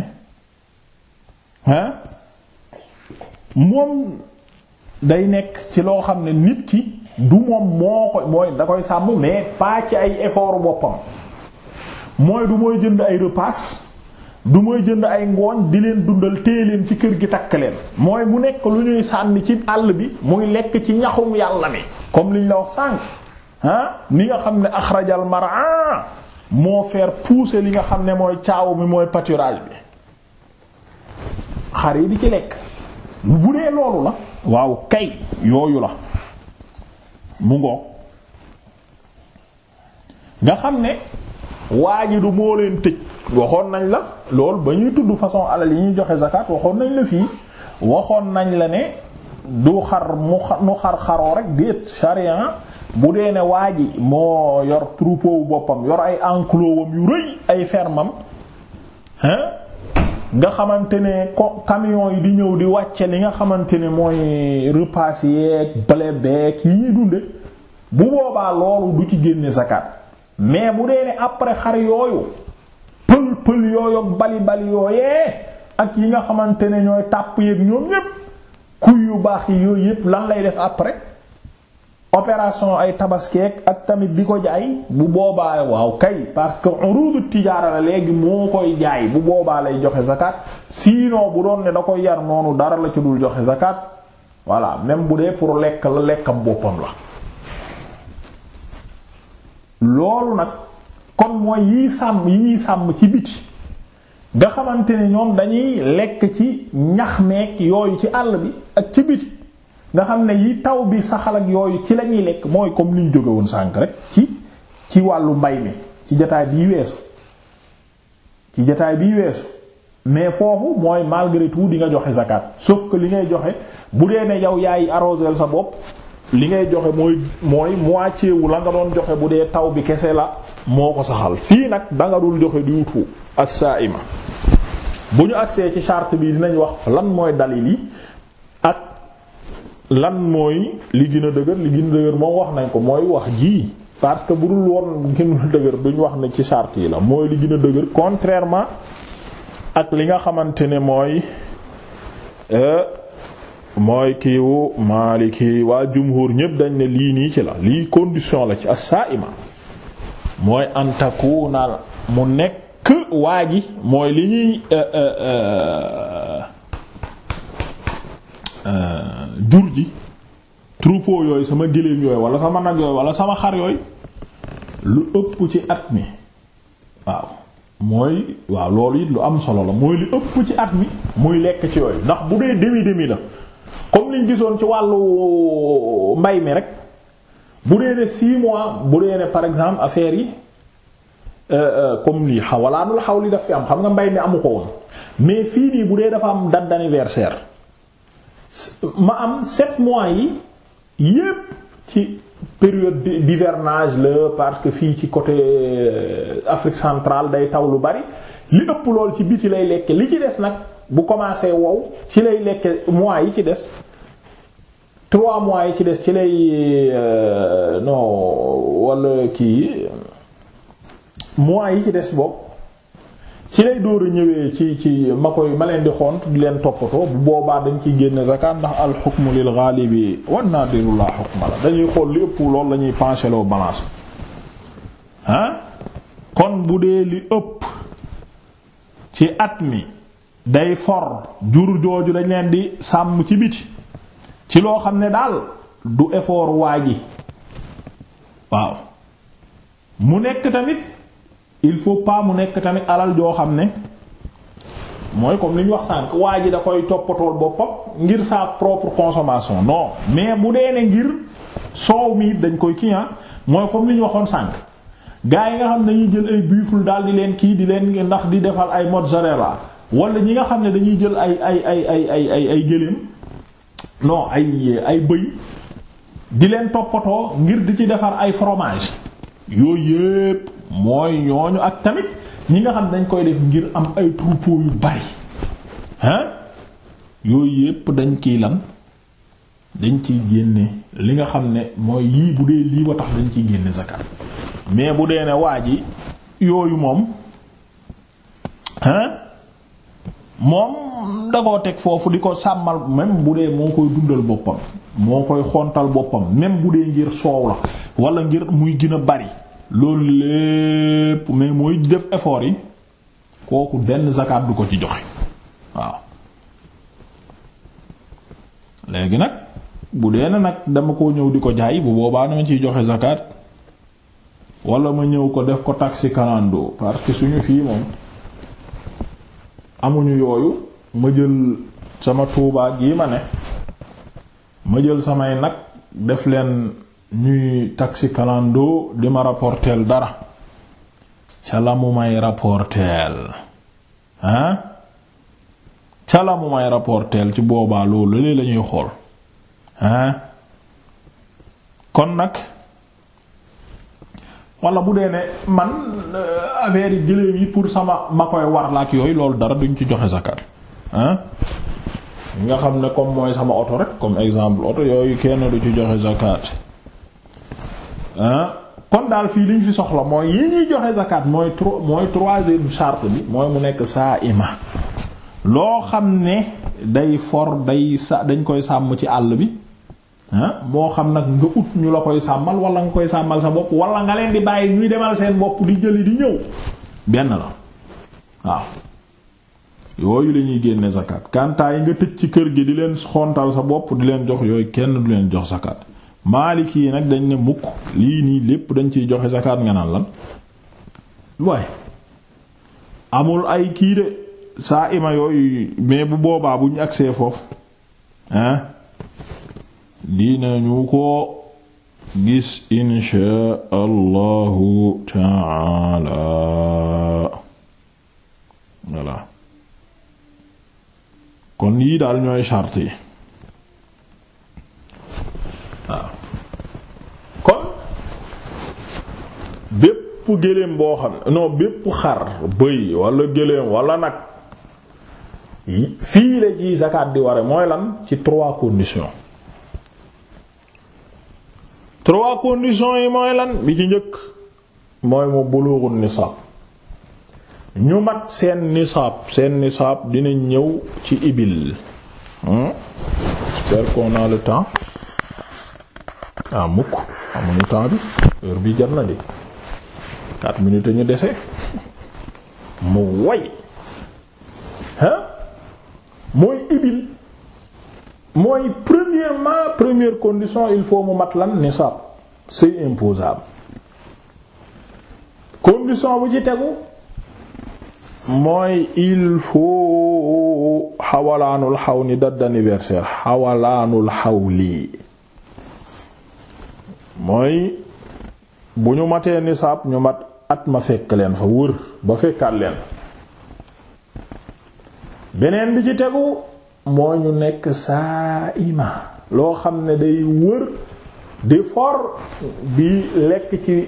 Speaker 1: moom day nekk ci loo xam ne nit ki du moom moo koy mooy da koy sàmm mais pas ci ay effort boppam mooy du mooy jënd ay repas du mooy jënd ay ngooñ di leen dundal téye leen ci kër gi takk leen mooy mu nekk lu ñuy sànni ci àll bi muy lekk ci ñaxum yàlla mi comme liñ la wax sànq ah nga xam ne axrajal mar'a ah, moo faire pousser li nga xam ne mooy caaw mi mooy pâturage bi xar yi di ci lekk bu la waaw kay yooyu la mu ngoog nga xam ne waa ji du moo leen tëj waxoon nañ la loolu ba ñuy tudd façon alal yi ñuy joxe zakat waxoon nañ la fii waxoon nañ la ne du xar mu nu xar xaroo rek déet charian bu dee ne waa ji moo yor troupeau boppam yor ay enclos yu rëy ay fermam hein nga xamante ne ko camion yi di ñëw di wàcce li nga xamante ne mooy repas yeeg blé beeg yi ñuy dunde bu boobaa loolu du ci génne zakat mais bu dee ne après xar yooyu pël pël yooyoog bali bali yooyee ak yi nga xamante ne ñooy tàpp yeeg ñoom ñépp kuy yu baax yi yooyu yëpp lan lay def après opération ay tabaskeek ak tamit di ko jaay bu boobaa waaw kay parce que urudu tijaara la léegi moo koy jaay bu boobaa lay joxe zakat sinon bu doon ne da koy yar noonu dara la ci dul joxe zakat voilà même bu dee pour lekk la lekkam boppam la loolu nag kon mooy yi sàmm yi ñuy sàmm ci biti nga xamante ni ñoom dañuy lekk ci ñax meek yooyu ci àll bi ak ci biti nga xam ne yi taw bi saxal ak yooyu ci lañuy lekk mooy comme liñ jóge woon sànk rek ci ci wàllu mbay mi ci jataay bii weesu ci jataay bii weesu mais foofu mooy malgré tout di nga joxe zakat sauf que li ngay joxe bu dee ne yow yaay arrosel sa bopp li ngay joxe mooy mooy moitié wu la nga doon joxe bu dee taw bi kese la moo ko saxal fii nag da dul joxe di wutu as-sa'ima bu ñu agsee ci charte bi dinañ wax lan mooy dalil yi ak lan mooy li gën a dëgër li gën a dëgër moom wax nañ ko mooy wax ji parce que bu dul woon gën dëgër duñ wax ne ci charte yi la mooy li gën a dëgër contrairement ak li nga xamante ne mooy. Euh, mooy kiiwu Maliki waa jumhur ñépp dañ ne lii nii ci la lii condition la ci as-sa'ima mooy an takuna mu nekk waa ji mooy li ñuy euh, euh, euh, jur ji troupeau yooyu sama géléem yooyu wala sama nag yooyu wala sama xar yooyu lu ëpp ci at mi waaw mooy waaw loolu it lu am solo la mooy lu ëpp ci at mi muy lekk ci yooyu ndax bu dee demi demi la comme liñ gisoon ci wàllu mbay mi rek bu dee ne six mois bu dee ne par exemple affaire yi euh, euh, comme lii xawalaanul xaw li daf fi am xam nga mbay mi amu ko woon mais fii nii bu dee dafa am date d'anniversaire ma am sept mois yi yépp ci période d'hivernage la parce que fii ci côté euh, Afrique centrale day taw lu bari li ëpp lool ci biti lay lekke li ci des nag. bu commencé wow ci lay lekk mois yi ci des trois mois yi ci des ci lay euh, non wala kii mois yi ci des bopp ci lay dóor a ñëwee ci ci ma koy ma leen di xont di leen toppatoo bu boobaa dañ ciy génne zakat ndax al xukmu lil ghalibi wan nadiru la xukma la dañuy xool li ëpp loolu la ñuy penché loo balance kon bu dee li ëpp ci at mi day for jur jooju dañ leen di sàmm ci biti ci loo xam ne daal du effort waa ji waaw mu nekk tamit il faut pas mu nekk tamit alal joo xam ne mooy comme li ñu wax sànq waa ji da koy toppatool boppam ngir sa propre consommation non mais mu dee ne ngir soow mi dañ koy kii ah mooy comme li ñu waxoon sànq gars yi nga xam ne ñu jël ay buffle daal di leen kii di leen ndax di defal ay mozzarella wala ñi nga xam ne dañuy jël ay ay ay ay ay ay ay gëléem non ay ay bëy di leen toppatoo ngir di ci defar ay fromage yooyu yépp mooy ñooñu ak tamit ñi nga xam dañ koy def ngir am ay troupeau yu bari hein yooyu yépp dañ kiy lan dañ ci génne li nga xam ne mooy yii bu dee lii wa tax dañ ciy génne zakat mais bu dee ne waa ji yooyu moom hein moom da koo teg foofu di ko sàmmal même bu dee moo koy dundal boppam moo koy xontal boppam même bu dee ngir soow la wala ngir muy gën a bari loolu lépp mais mooy def efoor yi kooku benn zakat du ko ci joxe waaw léegi nag bu dee na nag dama koo ñëw di ko jaay bu boobaa dama ciy joxe zakat wala ma ñëw ko def ko taxi kanando parce que suñu fii moom amuñu yooyu ma jël sama tuubaa gii ma ne ma jël samay nag def leen ñuy taxi kalandoo di ma rapporteel dara ca la mu may rapporteel ah ca la mu may rapporteel ci boobaa loolu lii lañuy xool ah kon nag wala bu dee ne man euh, affaire yi gëléem yi pour sama ma koy war la ak yooyu loolu dara duñ ci joxe zakat ah nga xam ne comme mooy sama oto rek comme exemple oto yooyu kenn du ci joxe zakat kon daal fii liñ fi soxla mooy yi ñuy joxe zakat mooy trois mooy troisième charte bi mooy mu nekk saa ima loo xam ne day for day sa dañ koy sàmm ci àll bi moo xam nag nga ut ñu la koy sàmmal wala nga koy sàmmal sa bopp wala nga leen di bàyyi ñuy demal seen bopp di jëli di ñëw benn la waaw yooyu lañuy ñuy génne zakat kantaa yi nga tëj ci kër gi di leen xontal sa bopp di leen jox yooyu kenn du leen jox zakat maalik yi nag dañ ne mukk lii nii lépp dañ ciy joxe zakat nga naan lan waaye amul ay kii de saa ima yooyu mais bu boobaa bu ñu agsee foofu hein dinañu ko gis inshaa allahu taala voilà kon yii daal ñooy charte yi waaw kon bépp géléem boo xam ne bépp xar bëy wala géléem wala nag fii la ci zakat di ware mooy lan ci trois conditions trois conditions yi mooy lan bi ci njëkk mooy mu bulughun nisaab ñu mat seen nisaab seen nisaab dina ñëw ci ibil hmm? j'espère qu'on le temps ah mukk amuñu temps bi heure bi jar na di quatre minutes ñu dese mu way hein mooy ibil mooy premièrement première condition il faut mu mat lan nisaab c'est imposable condition bu ci tegu mooy il faut xawalaanul xaw ni date d'anniversaire xawalaanul xaw lii mooy bu ñu matee nisaab ñu mat at ma fekk leen fa wër ba fekkaat leen beneen bi ci tegu moo ñu nekk saa loo xam ne day wër di for di lekk ci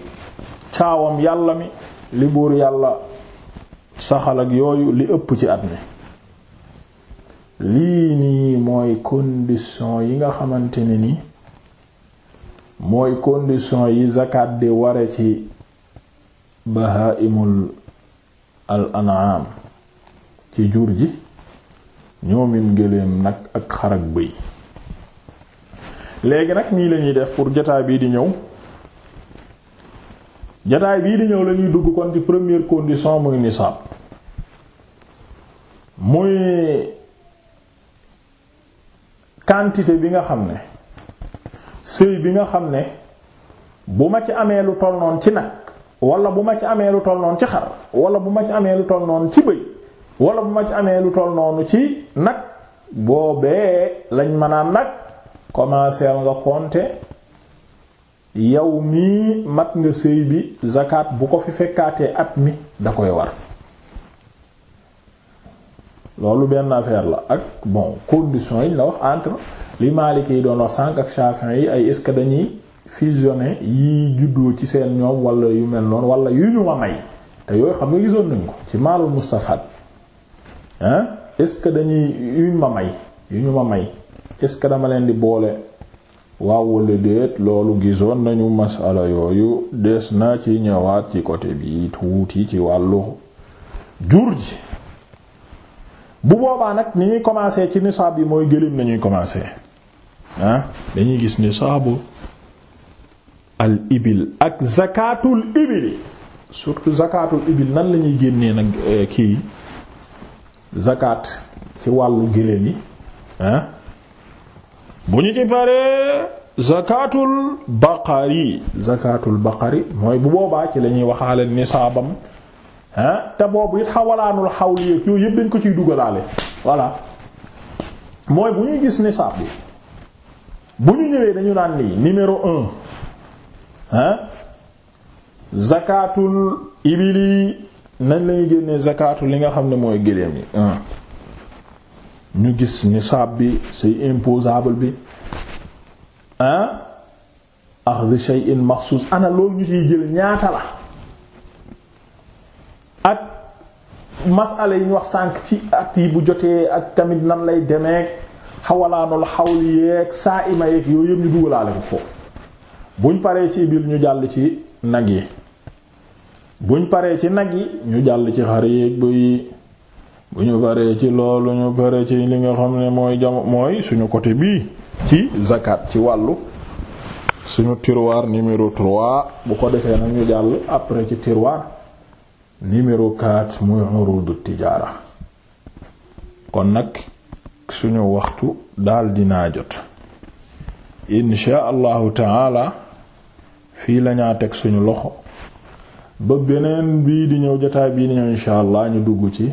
Speaker 1: caawam yàlla mi li buur yàlla saxal yooyu li ëpp ci at mi lii nii mooy condition yi nga xamante ne ni mooy condition yi zakat di ware ci bahaimul al an'am ci jur ji ñoomin gëléem nag ak xar ak bëy léegi nag nii lañuy def pour jotaay bii di ñëw jotaay bii di ñëw lañuy dugg kon ci première condition muy nisaab muy quantité bi nga xam ne sëy bi nga xam ne bu ma ci amee lu toll noon ci nag walla bu ma ci amee lu toll noon ci xar wala bu ma ci amee lu toll noon ci bëy wala bu ma ci amee lu toll noonu ci nag boobee lañ mën a nag commencer nga compter yow mii mat nga sëy bi zakat bu ko fi fekkaatee at mi da koy war loolu benn affaire la ak bon conditions yi la wax entre li Maliki yi doon wax sànq ak Shafi'i yi ay est que dañuy fusionner yi juddoo ci seen ñoom wala yu mel noonu wala yu ñu ma may te yooyu xam nga gisoon nañ ko ci maalul mustafad ah est-ce que dañuy ma may yu ñu ma may est-ce que dama leen di boole waaw wala déet loolu gisoon nañu masala yooyu des na ci ñëwaat ci côté bi tuuti ci wàllu jur ji bu boobaa nag ni ñuy commencer ci nisaab yi mooy gëléem lañuy commencer ah dañuy gis nisaabu al ibil ak zakatul ibili surtout zakatul ibil nan lañuy génnee nag eh, kii zakat ci wàllu géléem yi bu ñu ci paree zakatul baqari zakatul baqari mooy bu boobaa ci lañuy ñuy waxaale nisaabam te boobu it xawalaanul xawli yooyu yëpp dañ ko ciy dugalaale voilà mooy bu ñuy gis nisaab bi bu ñu ñëwee dañu naan nii un ah ibili nañ lañuy génne zakaatu li nga xam ne mooy gëléem yi ñu gis nisaab bi c'est imposable bi ah axd shay'in maxsuus ana loolu ñu ciy jël ñaata la ak masala yi ñu wax sànq ci at yi bu jotee ak tamit nan lay demeek xawalaanul xawl yeeg saa ima yeeg yooyu yëpp ñu dugalaale ko foofu buñ paree ci biir ñu jàll ci nag yi buñ paree ci nag yi ñu jàll ci xar yéeg bëy yi bu ñu paree ci loolu ñu pare ci li nga xam ne mooy jam mooy suñu côté bii ci zakat ci wàllu suñu tiroir numéro 3 bu ko defee nag ñu jàll après ci tiroir numéro 4 muy urudu tijaara kon nag suñu waxtu daal dinaa jot insha allahu taala fii lañaa teg suñu loxo ba beneen bii di ñëw jotaay bii di ñëw insha allah ñu dugg ci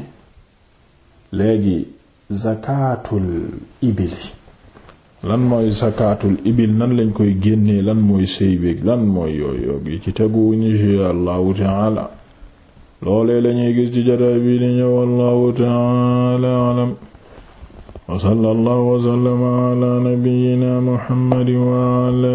Speaker 1: léegi zakatul ibili lan mooy zakatul ibil nan lañ koy génnee lan mooy sëy beek lan mooy yooyu yi ci tegu insha allahu taala loolee lañuy gis ci jotaay bii di ñëw allahu taala alam wa sallallahu wa sallama ala nabiyyina muhammadin wa ala